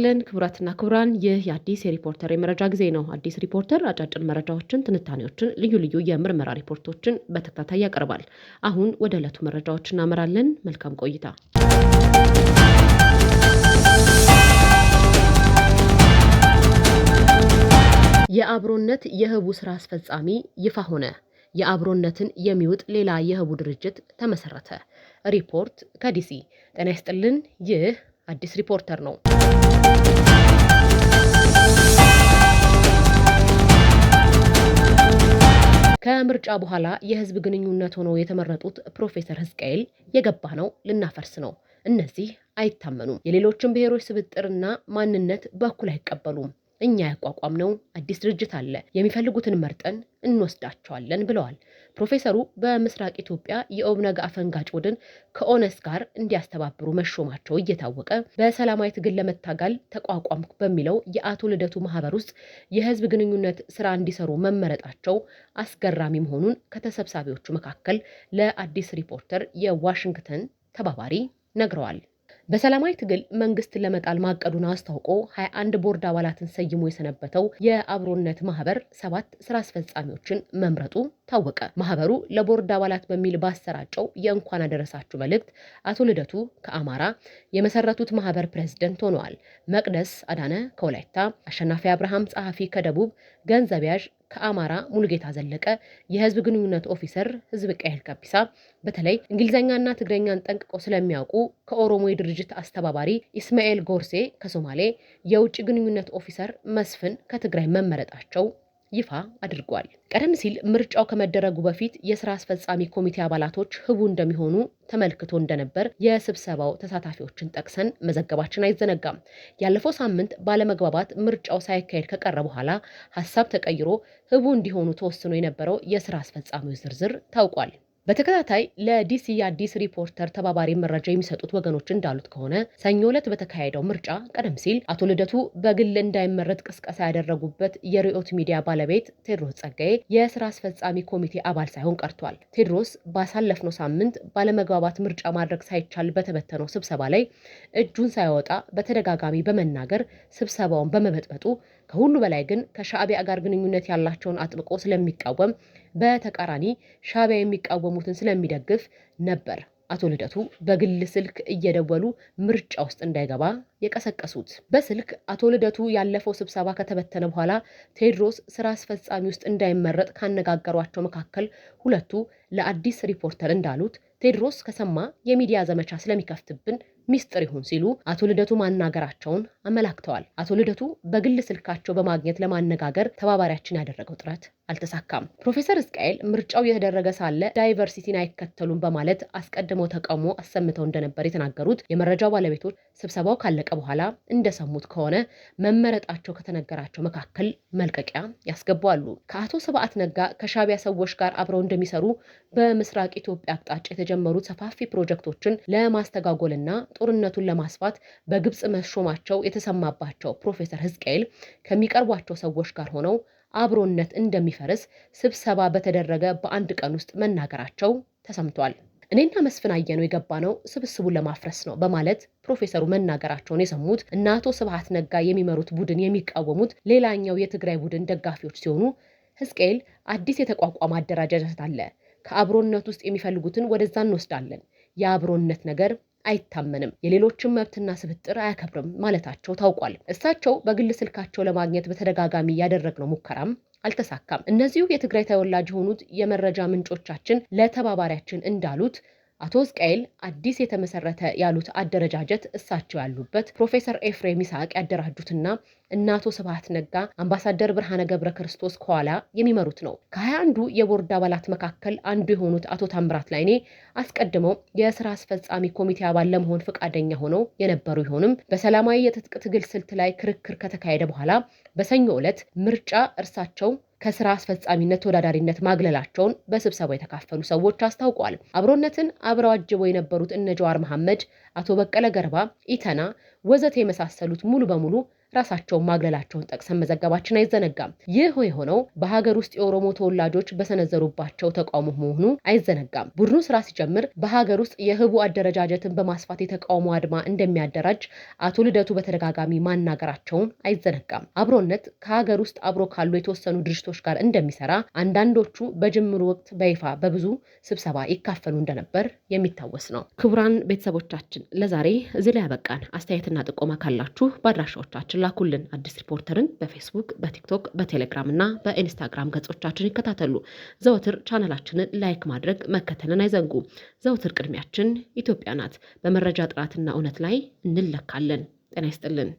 ይስጥልን ክቡራትና ክቡራን፣ ይህ የአዲስ የሪፖርተር የመረጃ ጊዜ ነው። አዲስ ሪፖርተር አጫጭር መረጃዎችን፣ ትንታኔዎችን፣ ልዩ ልዩ የምርመራ ሪፖርቶችን በተከታታይ ያቀርባል። አሁን ወደ ዕለቱ መረጃዎች እናመራለን። መልካም ቆይታ። የአብሮነት የህቡ ስራ አስፈጻሚ ይፋ ሆነ። የአብሮነትን የሚውጥ ሌላ የህቡ ድርጅት ተመሰረተ። ሪፖርት ከዲሲ ጤና ይስጥልን። ይህ አዲስ ሪፖርተር ነው። ከምርጫ በኋላ የህዝብ ግንኙነት ሆነው የተመረጡት ፕሮፌሰር ህዝቅኤል የገባ ነው ልናፈርስ ነው እነዚህ አይታመኑም የሌሎችን ብሔሮች ስብጥርና ማንነት በኩል አይቀበሉም እኛ ያቋቋም ነው አዲስ ድርጅት አለ፣ የሚፈልጉትን መርጠን እንወስዳቸዋለን ብለዋል። ፕሮፌሰሩ በምስራቅ ኢትዮጵያ የኦብነግ አፈንጋጭ ቡድን ከኦነስ ጋር እንዲያስተባብሩ መሾማቸው እየታወቀ በሰላማዊ ትግል ለመታጋል ተቋቋም በሚለው የአቶ ልደቱ ማህበር ውስጥ የህዝብ ግንኙነት ስራ እንዲሰሩ መመረጣቸው አስገራሚ መሆኑን ከተሰብሳቢዎቹ መካከል ለአዲስ ሪፖርተር የዋሽንግተን ተባባሪ ነግረዋል። በሰላማዊ ትግል መንግስት ለመጣል ማቀዱን አስታውቆ 21 ቦርድ አባላትን ሰይሞ የሰነበተው የአብሮነት ማህበር ሰባት ስራ አስፈጻሚዎችን መምረጡ ታወቀ። ማህበሩ ለቦርድ አባላት በሚል ባሰራጨው የእንኳን አደረሳችሁ መልእክት አቶ ልደቱ ከአማራ የመሰረቱት ማህበር ፕሬዝደንት ሆነዋል። መቅደስ አዳነ ከወላይታ፣ አሸናፊ አብርሃም ጸሐፊ ከደቡብ፣ ገንዘብ ያዥ ከአማራ ሙሉጌታ ዘለቀ፣ የህዝብ ግንኙነት ኦፊሰር ህዝብ ቀይል ከቢሳ በተለይ እንግሊዝኛና ትግረኛን ጠንቅቆ ስለሚያውቁ ከኦሮሞ የድርጅት አስተባባሪ ኢስማኤል ጎርሴ ከሶማሌ፣ የውጭ ግንኙነት ኦፊሰር መስፍን ከትግራይ መመረጣቸው ይፋ አድርጓል። ቀደም ሲል ምርጫው ከመደረጉ በፊት የስራ አስፈጻሚ ኮሚቴ አባላቶች ህቡ እንደሚሆኑ ተመልክቶ እንደነበር የስብሰባው ተሳታፊዎችን ጠቅሰን መዘገባችን አይዘነጋም። ያለፈው ሳምንት ባለመግባባት ምርጫው ሳይካሄድ ከቀረ በኋላ ሀሳብ ተቀይሮ ህቡ እንዲሆኑ ተወስኖ የነበረው የስራ አስፈጻሚዎች ዝርዝር ታውቋል። በተከታታይ ለዲሲ አዲስ ሪፖርተር ተባባሪ መረጃ የሚሰጡት ወገኖች እንዳሉት ከሆነ ሰኞ ዕለት በተካሄደው ምርጫ ቀደም ሲል አቶ ልደቱ በግል እንዳይመረጥ ቅስቀሳ ያደረጉበት የርዕዮት ሚዲያ ባለቤት ቴድሮስ ጸጋዬ የስራ አስፈጻሚ ኮሚቴ አባል ሳይሆን ቀርቷል። ቴድሮስ ባሳለፍነው ሳምንት ባለመግባባት ምርጫ ማድረግ ሳይቻል በተበተነው ስብሰባ ላይ እጁን ሳያወጣ በተደጋጋሚ በመናገር ስብሰባውን በመበጥበጡ ከሁሉ በላይ ግን ከሻዕቢያ ጋር ግንኙነት ያላቸውን አጥብቆ ስለሚቃወም በተቃራኒ ሻዕቢያ የሚቃወሙትን ስለሚደግፍ ነበር አቶ ልደቱ በግል ስልክ እየደወሉ ምርጫ ውስጥ እንዳይገባ የቀሰቀሱት። በስልክ አቶ ልደቱ ያለፈው ስብሰባ ከተበተነ በኋላ ቴዎድሮስ ስራ አስፈጻሚ ውስጥ እንዳይመረጥ ካነጋገሯቸው መካከል ሁለቱ ለአዲስ ሪፖርተር እንዳሉት ቴዎድሮስ ከሰማ የሚዲያ ዘመቻ ስለሚከፍትብን ሚስጥር ይሁን ሲሉ አቶ ልደቱ ማናገራቸውን አመላክተዋል። አቶ ልደቱ በግል ስልካቸው በማግኘት ለማነጋገር ተባባሪያችን ያደረገው ጥረት አልተሳካም። ፕሮፌሰር እስቃኤል ምርጫው እየተደረገ ሳለ ዳይቨርሲቲን አይከተሉም በማለት አስቀድመው ተቃውሞ አሰምተው እንደነበር የተናገሩት የመረጃው ባለቤቶች ስብሰባው ካለቀ በኋላ እንደሰሙት ከሆነ መመረጣቸው ከተነገራቸው መካከል መልቀቂያ ያስገባሉ። ከአቶ ስብዓት ነጋ ከሻቢያ ሰዎች ጋር አብረው እንደሚሰሩ በምስራቅ ኢትዮጵያ አቅጣጫ የተጀመሩ ሰፋፊ ፕሮጀክቶችን ለማስተጓጎልና ጦርነቱን ለማስፋት በግብፅ መሾማቸው የተሰማባቸው ፕሮፌሰር ሕዝቅኤል ከሚቀርቧቸው ሰዎች ጋር ሆነው አብሮነት እንደሚፈርስ ስብሰባ በተደረገ በአንድ ቀን ውስጥ መናገራቸው ተሰምቷል። እኔና መስፍን አየነው ነው ስብስቡን ለማፍረስ ነው በማለት ፕሮፌሰሩ መናገራቸውን የሰሙት እና አቶ ስብሐት ነጋ የሚመሩት ቡድን የሚቃወሙት ሌላኛው የትግራይ ቡድን ደጋፊዎች ሲሆኑ ህዝቅኤል አዲስ የተቋቋመ አደራጃጀት አለ፣ ከአብሮነት ውስጥ የሚፈልጉትን ወደዛ እንወስዳለን፣ የአብሮነት ነገር አይታመንም፣ የሌሎችን መብትና ስብጥር አያከብርም ማለታቸው ታውቋል። እሳቸው በግል ስልካቸው ለማግኘት በተደጋጋሚ ያደረግነው ሙከራም አልተሳካም። እነዚሁ የትግራይ ተወላጅ የሆኑት የመረጃ ምንጮቻችን ለተባባሪያችን እንዳሉት አቶ እስቃኤል አዲስ የተመሰረተ ያሉት አደረጃጀት እሳቸው ያሉበት ፕሮፌሰር ኤፍሬም ይስሐቅ ያደራጁትና እነ አቶ ስብሐት ነጋ፣ አምባሳደር ብርሃነ ገብረ ክርስቶስ ከኋላ የሚመሩት ነው። ከሀያ አንዱ የቦርድ አባላት መካከል አንዱ የሆኑት አቶ ታምራት ላይኔ አስቀድመው የስራ አስፈጻሚ ኮሚቴ አባል ለመሆን ፈቃደኛ ሆነው የነበሩ ቢሆንም በሰላማዊ የትጥቅ ትግል ስልት ላይ ክርክር ከተካሄደ በኋላ በሰኞ ዕለት ምርጫ እርሳቸው ከስራ አስፈጻሚነት ተወዳዳሪነት ማግለላቸውን በስብሰባው የተካፈሉ ሰዎች አስታውቀዋል። አብሮነትን አብረው አጅበው የነበሩት እነ ጀዋር መሐመድ፣ አቶ በቀለ ገርባ፣ ኢተና ወዘተ የመሳሰሉት ሙሉ በሙሉ ራሳቸውን ማግለላቸውን ጠቅሰን መዘገባችን አይዘነጋም። ይህ የሆነው በሀገር ውስጥ የኦሮሞ ተወላጆች በሰነዘሩባቸው ተቃውሞ መሆኑ አይዘነጋም። ቡድኑ ስራ ሲጀምር በሀገር ውስጥ የህቡ አደረጃጀትን በማስፋት የተቃውሞ አድማ እንደሚያደራጅ አቶ ልደቱ በተደጋጋሚ ማናገራቸውም አይዘነጋም። አብሮነት ከሀገር ውስጥ አብሮ ካሉ የተወሰኑ ድርጅቶች ጋር እንደሚሰራ አንዳንዶቹ በጅምሩ ወቅት በይፋ በብዙ ስብሰባ ይካፈሉ እንደነበር የሚታወስ ነው። ክቡራን ቤተሰቦቻችን ለዛሬ እዚህ ላይ ያበቃን። አስተያየትና ጥቆማ ካላችሁ በአድራሻዎቻችን ላኩልን። አዲስ ሪፖርተርን በፌስቡክ፣ በቲክቶክ፣ በቴሌግራም እና በኢንስታግራም ገጾቻችን ይከታተሉ። ዘወትር ቻናላችንን ላይክ ማድረግ መከተልን አይዘንጉ። ዘወትር ቅድሚያችን ኢትዮጵያ ናት። በመረጃ ጥራትና እውነት ላይ እንለካለን። ጤና ይስጥልን።